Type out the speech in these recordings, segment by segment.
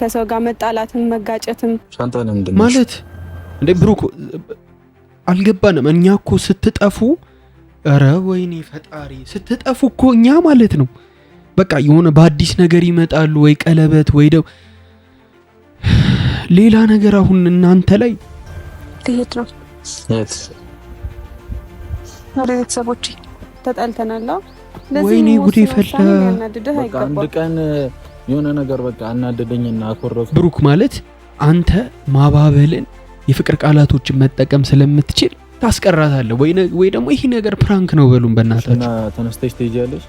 ከሰው ጋር መጣላትም መጋጨትም ማለት እንዴ ብሩክ አልገባንም። እኛ እኮ ስትጠፉ ኧረ ወይኔ ፈጣሪ ስትጠፉ እኮ እኛ ማለት ነው በቃ የሆነ በአዲስ ነገር ይመጣሉ ወይ ቀለበት ወይ ደው ሌላ ነገር አሁን እናንተ ላይ ትሄድ ነው ወደ ቤተሰቦች ተጣልተናል። ወይኔ ጉዴ ፈላ አንድ ቀን የሆነ ነገር በቃ አናደደኝና አኮረፍ። ብሩክ ማለት አንተ ማባበልን የፍቅር ቃላቶችን መጠቀም ስለምትችል ታስቀራታለህ ወይ ወይ ደግሞ ይሄ ነገር ፕራንክ ነው በሉን በእናታችሁ። ተነስተሽ ትሄጃለሽ?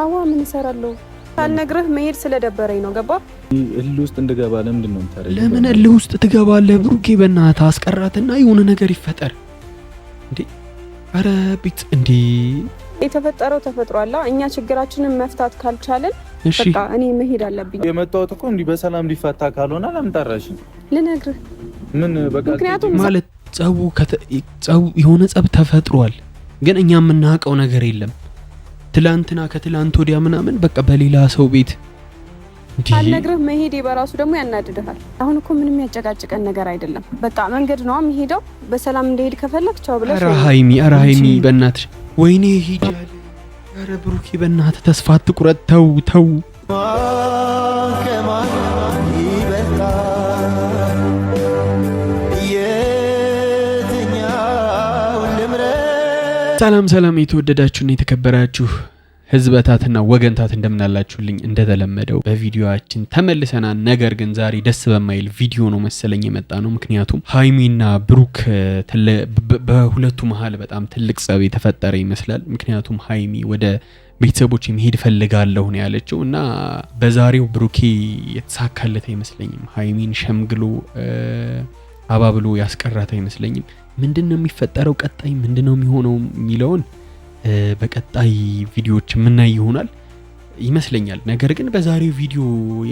አዋ ምን እሰራለሁ? ሳልነግርህ መሄድ ስለደበረኝ ነው። ገባ እልህ ውስጥ እንድገባ ለምንድን ነው የምታደርገው? ለምን እልህ ውስጥ ትገባለህ? ብሩኬ በእናትህ አስቀራትና የሆነ ነገር ይፈጠር እንዴ! አረ ቢት እንዴ የተፈጠረው ተፈጥሮ አለ። እኛ ችግራችንን መፍታት ካልቻልን በቃ እኔ መሄድ አለብኝ። የመጣሁት እኮ እንዲህ በሰላም ሊፈታ ካልሆነ ለምጠራሽ ልነግርህ ምን በቃ ምክንያቱም ማለት ጸቡ ጸቡ የሆነ ጸብ ተፈጥሯል፣ ግን እኛ የምናውቀው ነገር የለም። ትላንትና ከትላንት ወዲያ ምናምን በቃ በሌላ ሰው ቤት አልነግርህ መሄዴ በራሱ ደግሞ ያናድድሃል። አሁን እኮ ምንም ያጨቃጭቀን ነገር አይደለም። በቃ መንገድ ነው የምሄደው። በሰላም እንደሄድ ከፈለግ ቻው ብለሽ ኧረ ሀይሚ ኧረ ሀይሚ በእናትሽ ወይኔ ሂጃል። ኧረ ብሩኬ በእናትህ ተስፋ አትቁረጥ። ተው ተው ሰላም ሰላም፣ የተወደዳችሁና የተከበራችሁ ህዝበታትና ወገንታት እንደምናላችሁልኝ እንደተለመደው በቪዲዮችን ተመልሰናል። ነገር ግን ዛሬ ደስ በማይል ቪዲዮ ነው መሰለኝ የመጣ ነው። ምክንያቱም ሀይሚና ብሩክ በሁለቱ መሀል በጣም ትልቅ ጸብ የተፈጠረ ይመስላል። ምክንያቱም ሀይሚ ወደ ቤተሰቦች መሄድ ፈልጋለሁ ነው ያለችው እና በዛሬው ብሩኬ የተሳካለት አይመስለኝም። ሀይሚን ሸምግሎ አባብሎ ያስቀራት አይመስለኝም። ምንድን ነው የሚፈጠረው ቀጣይ ምንድን ነው የሚሆነው የሚለውን በቀጣይ ቪዲዮዎች የምናይ ይሆናል ይመስለኛል። ነገር ግን በዛሬው ቪዲዮ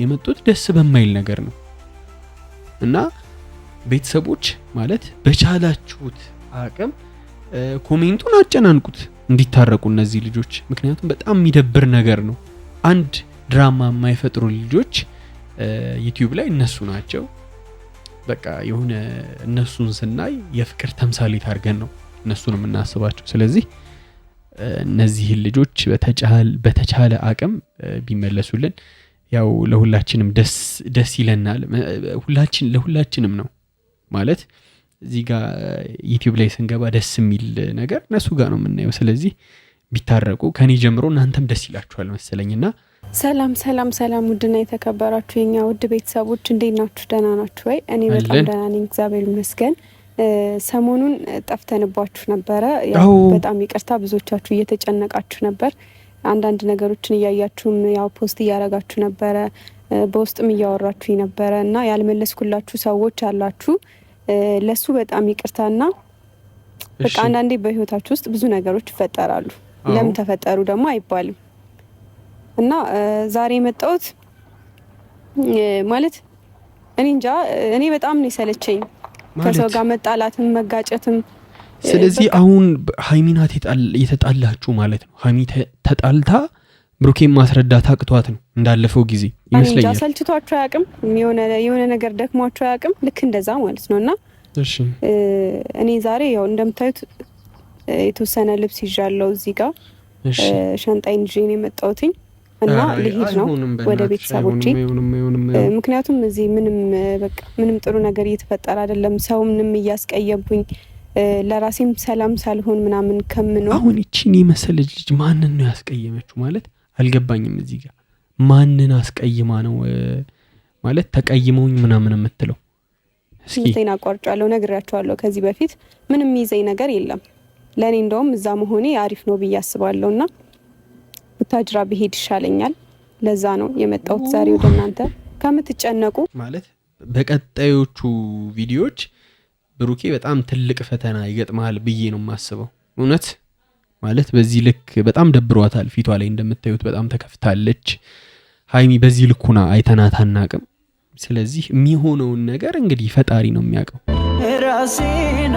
የመጡት ደስ በማይል ነገር ነው እና ቤተሰቦች ማለት በቻላችሁት አቅም ኮሜንቱን አጨናንቁት እንዲታረቁ እነዚህ ልጆች። ምክንያቱም በጣም የሚደብር ነገር ነው። አንድ ድራማ የማይፈጥሩ ልጆች ዩቲዩብ ላይ እነሱ ናቸው። በቃ የሆነ እነሱን ስናይ የፍቅር ተምሳሌት አድርገን ነው እነሱን የምናስባቸው። ስለዚህ እነዚህን ልጆች በተቻለ አቅም ቢመለሱልን ያው ለሁላችንም ደስ ይለናል። ሁላችን ለሁላችንም ነው ማለት እዚህ ጋር ዩትብ ላይ ስንገባ ደስ የሚል ነገር እነሱ ጋር ነው የምናየው። ስለዚህ ቢታረቁ ከኔ ጀምሮ እናንተም ደስ ይላችኋል ና ሰላም ሰላም ሰላም፣ ውድና የተከበራችሁ የኛ ውድ ቤተሰቦች እንዴት ናችሁ? ደህና ናችሁ ወይ? እኔ በጣም ደና ነኝ፣ እግዚአብሔር ይመስገን። ሰሞኑን ጠፍተንባችሁ ነበረ። በጣም ይቅርታ፣ ብዙዎቻችሁ እየተጨነቃችሁ ነበር። አንዳንድ ነገሮችን እያያችሁም ያው ፖስት እያረጋችሁ ነበረ፣ በውስጥም እያወራችሁ ነበረ እና ያልመለስኩላችሁ ሰዎች አላችሁ። ለሱ በጣም ና በቃ አንዳንዴ በህይወታችሁ ውስጥ ብዙ ነገሮች ይፈጠራሉ። ለምን ተፈጠሩ ደግሞ አይባልም እና ዛሬ የመጣሁት ማለት እኔ እንጃ እኔ በጣም ነው የሰለቸኝ ከሰው ጋር መጣላትም መጋጨትም። ስለዚህ አሁን ሀይሚናት የተጣላችሁ ማለት ነው። ሀይሚ ተጣልታ ብሩኬን ማስረዳት አቅቷት ነው እንዳለፈው ጊዜ ይመስለኛል። ሰልችቷቸው ያቅም የሆነ ነገር ደክሟቸው ያቅም ልክ እንደዛ ማለት ነው እና እኔ ዛሬ ያው እንደምታዩት የተወሰነ ልብስ ይዣለው እዚህ ጋር ሻንጣይን ይዤ የመጣውትኝ እና ልሄድ ነው ወደ ቤተሰቦቼ። ምክንያቱም እዚህ ምንም በቃ ምንም ጥሩ ነገር እየተፈጠረ አይደለም። ሰው ምንም እያስቀየምኩኝ ለራሴም ሰላም ሳልሆን ምናምን ከምኖ አሁን እቺን የመሰለች ልጅ ማንን ነው ያስቀየመችው? ማለት አልገባኝም። እዚህ ጋር ማንን አስቀይማ ነው ማለት ተቀይመውኝ ምናምን የምትለው? ትምህርቴን አቋርጫለሁ ነግሬያቸዋለሁ። ከዚህ በፊት ምንም ይዘኝ ነገር የለም። ለእኔ እንደውም እዛ መሆኔ አሪፍ ነው ብዬ አስባለሁ እና ቡታጅራ ብሄድ ይሻለኛል። ለዛ ነው የመጣሁት ዛሬ ወደ እናንተ ከምትጨነቁ ማለት በቀጣዮቹ ቪዲዮዎች ብሩኬ በጣም ትልቅ ፈተና ይገጥመሃል ብዬ ነው የማስበው። እውነት ማለት በዚህ ልክ በጣም ደብሯታል። ፊቷ ላይ እንደምታዩት በጣም ተከፍታለች። ሀይሚ በዚህ ልኩና አይተናት አናቅም። ስለዚህ የሚሆነውን ነገር እንግዲህ ፈጣሪ ነው የሚያውቀው። ራሴን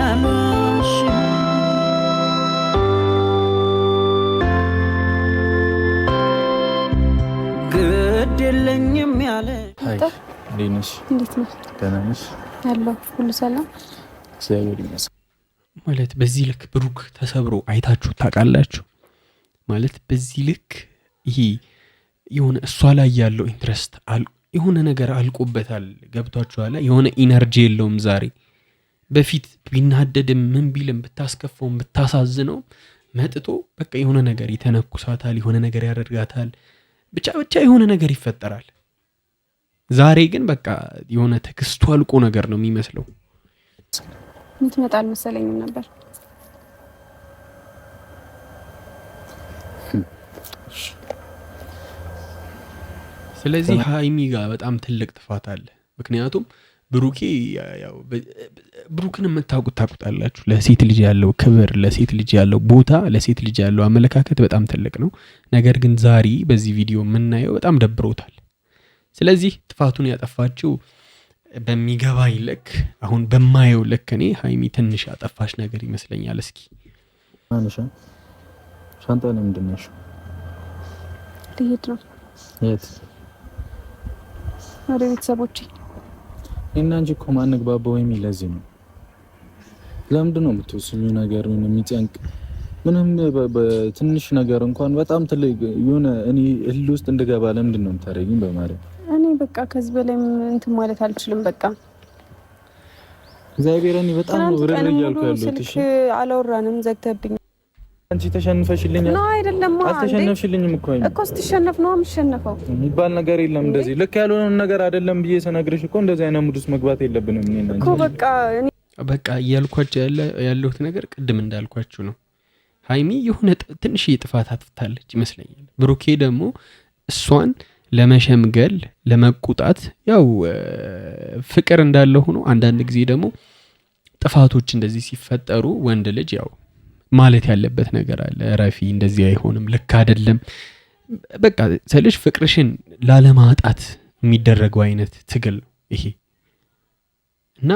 የለኝም ያለ ሁሉ ሰላም ማለት በዚህ ልክ ብሩክ ተሰብሮ አይታችሁ ታውቃላችሁ? ማለት በዚህ ልክ ይሄ የሆነ እሷ ላይ ያለው ኢንትረስት የሆነ ነገር አልቆበታል። ገብቷችኋል? የሆነ ኢነርጂ የለውም ዛሬ። በፊት ቢናደድም ምን ቢልም ብታስከፋውም ብታሳዝነውም መጥቶ በቃ የሆነ ነገር ይተነኩሳታል፣ የሆነ ነገር ያደርጋታል። ብቻ ብቻ የሆነ ነገር ይፈጠራል። ዛሬ ግን በቃ የሆነ ተክስቱ አልቆ ነገር ነው የሚመስለው። የምትመጣ አልመሰለኝም ነበር። ስለዚህ ሀይሚ ጋር በጣም ትልቅ ጥፋት አለ። ምክንያቱም ብሩኬ ብሩክን የምታውቁት ታውቁታላችሁ። ለሴት ልጅ ያለው ክብር፣ ለሴት ልጅ ያለው ቦታ፣ ለሴት ልጅ ያለው አመለካከት በጣም ትልቅ ነው። ነገር ግን ዛሬ በዚህ ቪዲዮ የምናየው በጣም ደብሮታል። ስለዚህ ጥፋቱን ያጠፋችው በሚገባኝ ልክ አሁን በማየው ልክ እኔ ሀይሚ ትንሽ ያጠፋች ነገር ይመስለኛል። እስኪ ሻንጣ ለምንድን ነው ልሄድ ነው ወደ ቤተሰቦቼ እና እንጂ እኮ ማንግባባው ወይም ለዚህ ነው። ለምንድን ነው የምትወስኙ ነገር የሚጨንቅ ምንም በትንሽ ነገር እንኳን በጣም ትልቅ የሆነ እኔ እህል ውስጥ እንድገባ ለምንድን ነው የምታደርጊኝ? በማለት እኔ በቃ ከዚህ በላይ እንትን ማለት አልችልም። በቃ እግዚአብሔር እኔ በጣም ነው ብርር እያልኩ ያለሁት። እሺ አላወራንም ዘግተብኝ አንቺ ተሸንፈሽልኝ ነው አይደለም? አልተሸነፍሽልኝም እኮ እኮ ስትሸነፍ ነው የምትሸነፈው የሚባል ነገር የለም። እንደዚህ ልክ ያልሆነውን ነገር አይደለም ብዬ ስነግርሽ እኮ እንደዚህ አይነት ሙድ ውስጥ መግባት የለብንም እኮ። በቃ በቃ እያልኳቸው ያለሁት ነገር ቅድም እንዳልኳችሁ ነው። ሀይሚ የሆነ ትንሽ ጥፋት አትፍታለች ይመስለኛል። ብሩኬ ደግሞ እሷን ለመሸምገል ለመቁጣት፣ ያው ፍቅር እንዳለ ሆኖ አንዳንድ ጊዜ ደግሞ ጥፋቶች እንደዚህ ሲፈጠሩ ወንድ ልጅ ያው ማለት ያለበት ነገር አለ። ረፊ እንደዚህ አይሆንም፣ ልክ አይደለም። በቃ ስልሽ ፍቅርሽን ላለማጣት የሚደረገው አይነት ትግል ይሄ እና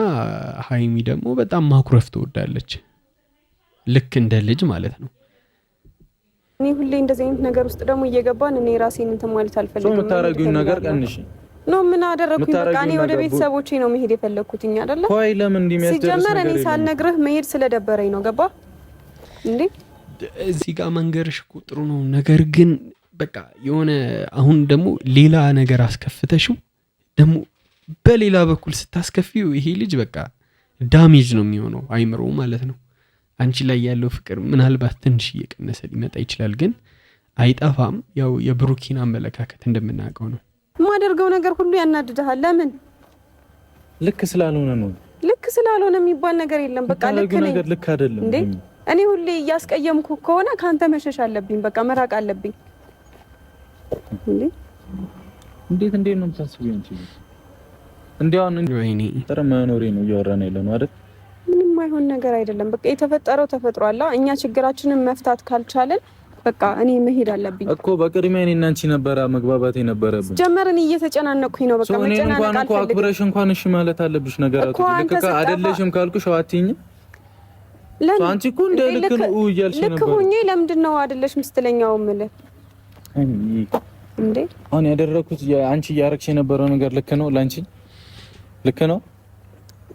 ሀይሚ ደግሞ በጣም ማኩረፍ ትወዳለች፣ ልክ እንደ ልጅ ማለት ነው። እኔ ሁሌ እንደዚህ አይነት ነገር ውስጥ ደግሞ እየገባን እኔ ራሴን እንትን ማለት አልፈልግም። የምታረጊውን ነገር ቀንሽ ኖ ምን አደረግኩኝ? በቃ እኔ ወደ ቤተሰቦቼ ነው መሄድ የፈለግኩትኝ አይደለም። ሲጀመር እኔ ሳልነግርህ መሄድ ስለደበረኝ ነው ገባ እንዴ እዚህ ጋር መንገርሽ እኮ ጥሩ ነው። ነገር ግን በቃ የሆነ አሁን ደግሞ ሌላ ነገር አስከፍተሽው ደግሞ በሌላ በኩል ስታስከፊው ይሄ ልጅ በቃ ዳሜጅ ነው የሚሆነው አይምሮ ማለት ነው። አንቺ ላይ ያለው ፍቅር ምናልባት ትንሽ እየቀነሰ ሊመጣ ይችላል፣ ግን አይጠፋም። ያው የብሩኪን አመለካከት እንደምናውቀው ነው። የማደርገው ነገር ሁሉ ያናድድሃል። ለምን ልክ ስላልሆነ ነው። ልክ ስላልሆነ የሚባል ነገር የለም። በቃ ልክ ነኝ፣ ልክ አይደለም እኔ ሁሌ እያስቀየምኩ ከሆነ ከአንተ መሸሽ አለብኝ፣ በቃ መራቅ አለብኝ። እንዴት እንዴት ነው የምታስቢው አንቺ? እንዲያውን ወይኔ መኖሬ ነው እያወራን ያለ ነው አይደል? ምንም አይሆን ነገር አይደለም። በቃ የተፈጠረው ተፈጥሮ አለ። እኛ ችግራችንን መፍታት ካልቻለን በቃ እኔ መሄድ አለብኝ እኮ። በቅድሚያ እኔ እና አንቺ ነበረ መግባባት የነበረብን። ጀመርን እየተጨናነኩኝ ነው። በቃ መጨናነቅ አልፈልግም። እኔን እንኳን እኮ አክብረሽ እንኳን እሺ ማለት አለብሽ። ነገራቱ ልክ አይደለሽም ካልኩሽ አዋትኝም አንቺ እኮ እንደ ልክ ነው እያልሽ ነበር። ልክ ለምንድን ነው የምልህ እንዴ? አሁን ያደረኩት አንቺ እያረግሽ የነበረው ነገር ልክ ነው? ለአንቺ ልክ ነው?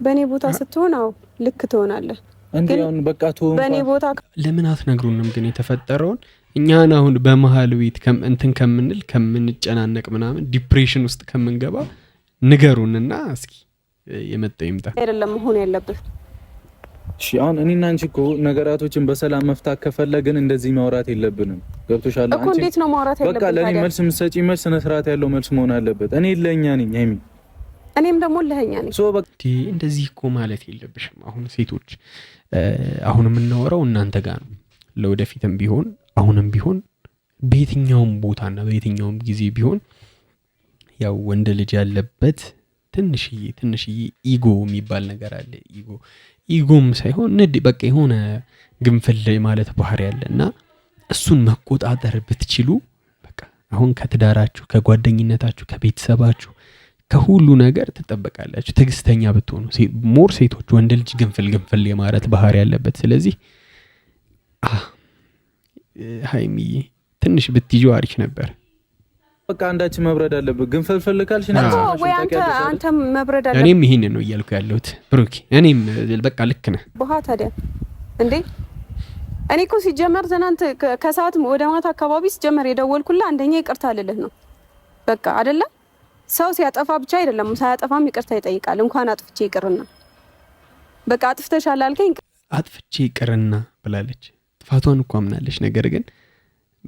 በእኔ ቦታ ስትሆን አዎ ልክ ትሆናለህ። እንዲሁን በቃ በእኔ ቦታ ለምን አትነግሩንም ግን የተፈጠረውን እኛን አሁን በመሀል ቤት እንትን ከምንል ከምንጨናነቅ ምናምን ዲፕሬሽን ውስጥ ከምንገባ ንገሩንና እስኪ የመጣ ይምጣ። አይደለም መሆን ያለብን አሁን እኔና አንቺ እኮ ነገራቶችን በሰላም መፍታት ከፈለግን እንደዚህ ማውራት የለብንም። ገብቶሻል? አንቺ እንዴት ነው ማውራት ያለብን? በቃ ለኔ መልስ የምትሰጪ መልስ ስነ ስርዓት ያለው መልስ መሆን አለበት። እኔ ለኛ ነኝ ሀይሚ፣ እኔም ደግሞ ለኛ ነኝ። ሶ በቃ እንደዚህ እኮ ማለት የለብሽም። አሁን ሴቶች፣ አሁን የምናወራው እናንተ ጋር ነው። ለወደፊትም ቢሆን አሁንም ቢሆን በየትኛውም ቦታና በየትኛውም ጊዜ ቢሆን ያው ወንድ ልጅ ያለበት ትንሽዬ ትንሽዬ ኢጎ የሚባል ነገር አለ። ኢጎ ኢጎም ሳይሆን ንድ በቃ የሆነ ግንፍል ማለት ባህር ያለ እና እሱን መቆጣጠር ብትችሉ በቃ አሁን ከትዳራችሁ፣ ከጓደኝነታችሁ፣ ከቤተሰባችሁ ከሁሉ ነገር ትጠበቃላችሁ። ትግስተኛ ብትሆኑ ሞር ሴቶች፣ ወንድ ልጅ ግንፍል ግንፍል የማለት ባህሪ ያለበት። ስለዚህ ሀይሚዬ ትንሽ ብትይዤው አሪፍ ነበር። በቃ አንዳች መብረድ አለብህ። ግን ፈልፈልካልሽ አንተም መብረድ አለ። እኔም ይሄንን ነው እያልኩ ያለሁት ብሩኬ። እኔም በቃ ልክ ነህ። በኋ ታዲያ እንዴ እኔ እኮ ሲጀመር ትናንት ከሰዓት ወደ ማታ አካባቢ ሲጀመር የደወልኩላ አንደኛ ይቅርታ ልልህ ነው በቃ አደለም ሰው ሲያጠፋ ብቻ አይደለም ሳያጠፋም ይቅርታ ይጠይቃል። እንኳን አጥፍቼ ይቅርና በቃ አጥፍተሻል አልከኝ፣ አጥፍቼ ይቅርና ብላለች። ጥፋቷን እኮ አምናለች። ነገር ግን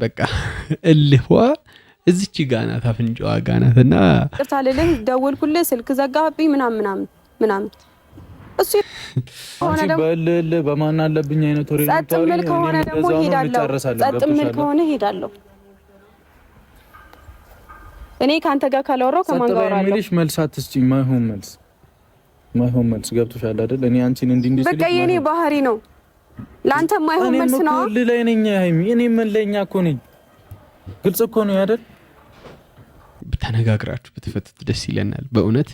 በቃ እልህዋ እዚች ጋናት አፍንጫዋ ጋናት እና ቅርታ ልልህ ደወልኩልህ፣ ስልክ ዘጋብኝ ምናምን ምናምን ምናምን እሱ በማን አለብኝ አይነት ወሬ ጸጥ ምል ከሆነ ደግሞ ሄዳለሁ። ጸጥ ምል ከሆነ ሄዳለሁ። እኔ ከአንተ ጋር ካላወራሁ ከማን ጋር አወራለሁ? መልስ አትስጪኝ። ማይሆን መልስ ማይሆን መልስ ገብቶሻል አይደል? እኔ አንቺን እንዲህ እንዲህ በቃ የኔ ባህሪ ነው። ለአንተ ማይሆን መልስ ነው። እኔ ላይ ነኝ ሃይሚ፣ እኔ መለኛ እኮ ነኝ። ግልጽ እኮ ነው አይደል? ተነጋግራችሁ በተፈቱት ደስ ይለናል። በእውነት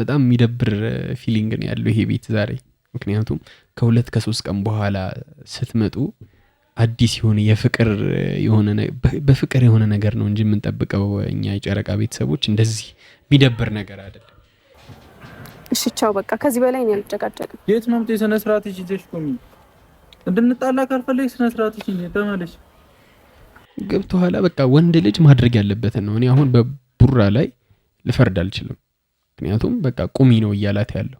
በጣም የሚደብር ፊሊንግ ነው ያለው ይሄ ቤት ዛሬ። ምክንያቱም ከሁለት ከሶስት ቀን በኋላ ስትመጡ አዲስ የሆነ የፍቅር የሆነ በፍቅር የሆነ ነገር ነው እንጂ የምንጠብቀው እኛ የጨረቃ ቤተሰቦች እንደዚህ የሚደብር ነገር አይደለም። እሽቻው በቃ ከዚህ በላይ ነው ያልጨቃጨቅ የት መምጡ የስነስርዓትሽ ይዘሽ ቁሚ። እንድንጣላ ካልፈለግ ስነስርዓትሽ ተመለሽ። ገብቶ ኋላ በቃ ወንድ ልጅ ማድረግ ያለበትን ነው። እኔ አሁን በቡራ ላይ ልፈርድ አልችልም። ምክንያቱም በቃ ቁሚ ነው እያላት ያለው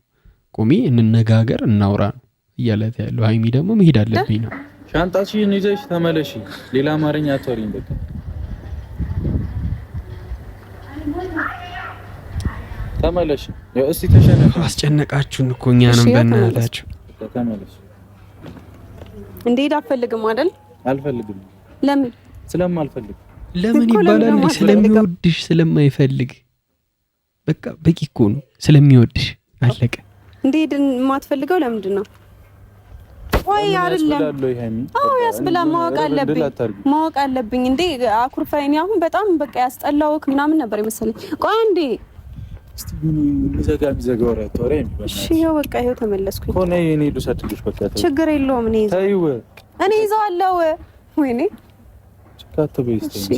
ቁሚ፣ እንነጋገር፣ እናውራ ነው እያላት ያለው። ሀይሚ ደግሞ መሄድ አለብኝ ነው። ሻንጣሽን ይዘሽ ተመለሽ። ሌላ አማርኛ አትወሪኝ በቃ ተመለሽ። እስቲ ተሸነፈ። አስጨነቃችሁን እኮ እኛንም በእናታችሁ ተመለሽ። እንዴ አልፈልግም አይደል? አልፈልግም። ለምን ስለማልፈልግ ለምን ይባላል? ስለሚወድሽ ስለማይፈልግ በቃ በቂ እኮ ነው። ስለሚወድሽ አለቀ። እንዴት የማትፈልገው ለምንድን ነው? ወይ አይደለም። አዎ ያስብላ። ማወቅ አለብኝ ማወቅ አለብኝ። እንዴ አኩርፋይኝ። አሁን በጣም በቃ ያስጠላውክ ምናምን ነበር የመሰለኝ። ቆይ እንዴ በቃ ይኸው ተመለስኩኝ። ሆነ እኔ ችግር የለውም እኔ ይዘዋለሁ። ወይኔ በርታት በይ እስኪ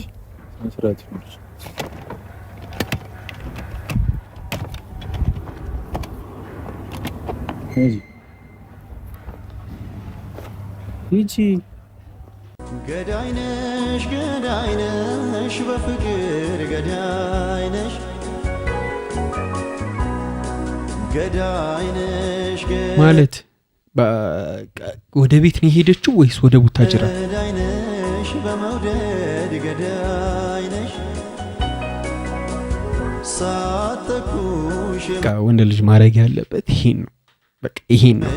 ገዳይነሽ ገዳይነሽ በፍቅር ገዳይነሽ ገዳይነሽ ማለት ወደ ቤት ነው የሄደችው ወይስ ወደ ቡታጅራ? ወንድ ልጅ ማድረግ ያለበት ይሄን ነው። በቃ ይሄን ነው።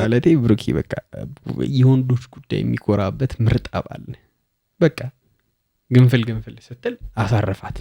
ማለቴ ብሩኬ በቃ የወንዶች ጉዳይ የሚኮራበት ምርጥ አባል በቃ ግንፍል ግንፍል ስትል አሳረፋት።